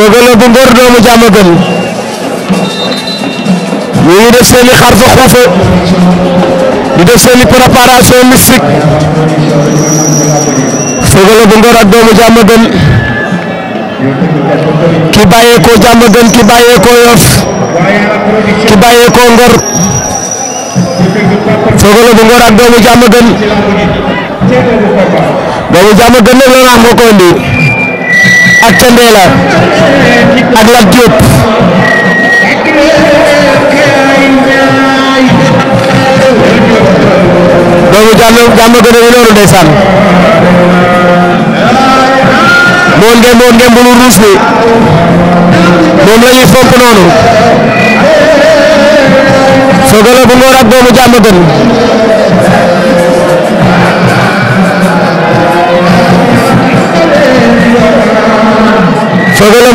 Feugeleu bu Ngor doomu jàmm gën ñu ngi def seen i xarfa xuufa di ak doomu jàmm gën ki bàyyeekoo jàmm gën ki bàyyeekoo Yoff bàyyeekoo Ngor Feugeleu bu Ngor ak doomu jàmm doomu jàmm gën nag la ak Tendela ak Lat Diop doomu jàmm jàmm gën a loolu ndeysaan moo ngeen moo ngeen bu lu ruus ni moom la ñuy fomp noonu Sogala bu ngoor ak doomu jàmm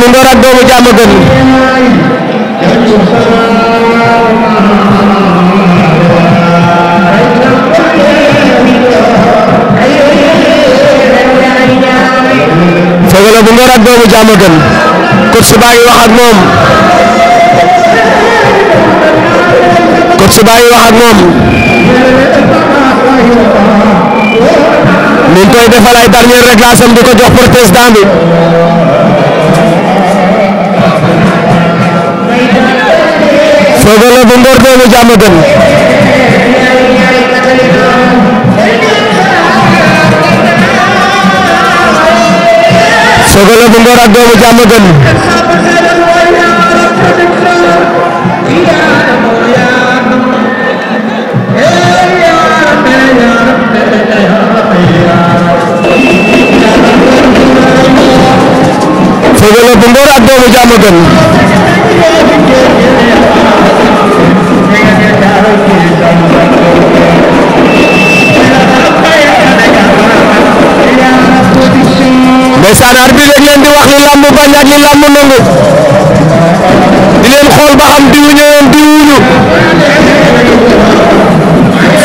lu ndoor ak doomu jàmm gën fogole bu ndoor ak doomu jàmm gën coach baa ngi wax ak moom coach baa ngi wax ak moom mu ngi koy defal ay dernier réglage am di ko jox pour président bi Sogone bu Ngor doomu Diamaguène Sogone bu Ngor kon arbitre bi leen di wax li lamb bañ ak li lamb nangu di leen xool ba xam diw ñëwoon diw wuñu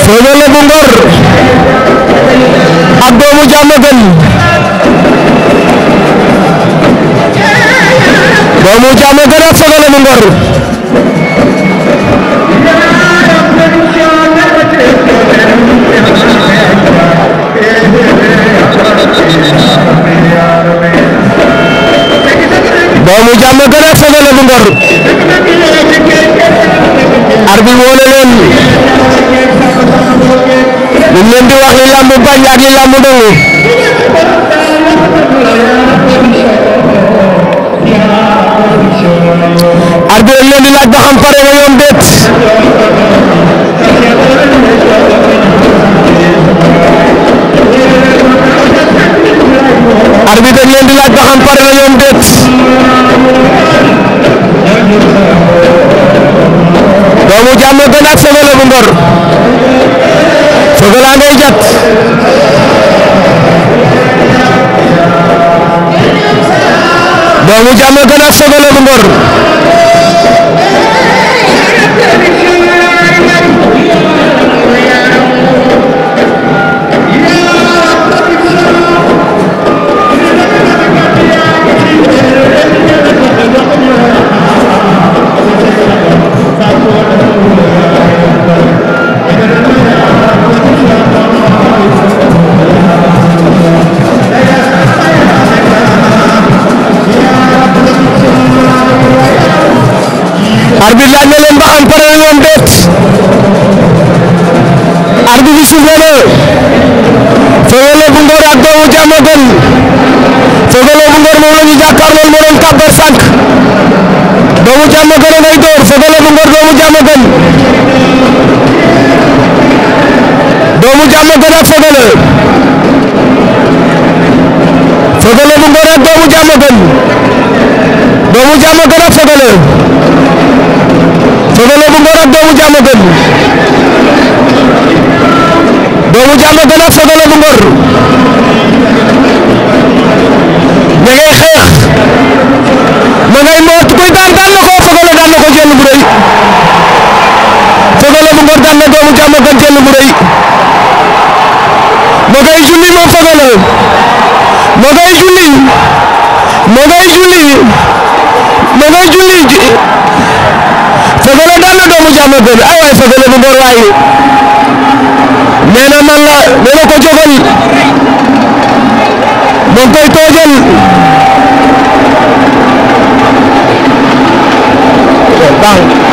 Feugeleu bu Ngor ak doomu Diamaguène doomu Diamaguène ak bu Ngor doomu jàmm gën a fogale bu ngor arbi woone leen ñu leen di wax li lamb bañ ak li lamb dongu doomu jàmm gën ak Feugeula bu Ngor Feugeula ngay jat doomu jàmm gën ak Feugeula bu Ngor arbitre laaj na leen ba xam pare nañu woon déet arbitre bi suuf la Feugeleu bu Ngor ak doomu Diamaguène Feugeleu bu Ngor moom la ñu jàkkaarlool moo doon kàbbar sànq doomu Diamaguène ngay door Feugeleu bu Ngor doomu Diamaguène doomu Diamaguène ak Feugeleu Feugeleu bu ak doomu Diamaguène doomu Diamaguène ak Feugeleu waaye moo koy daan daan na ko Feugeleu daan na ko jël bu rëy Feugeleu bu Ngor daan na doomu moo ngay julli moom Feugeleu moo ngay julli moo ngay julli moo ngay julli Feugeleu daan na doomu ay waay Feugeleu bu na man na ko moo koy toojal bank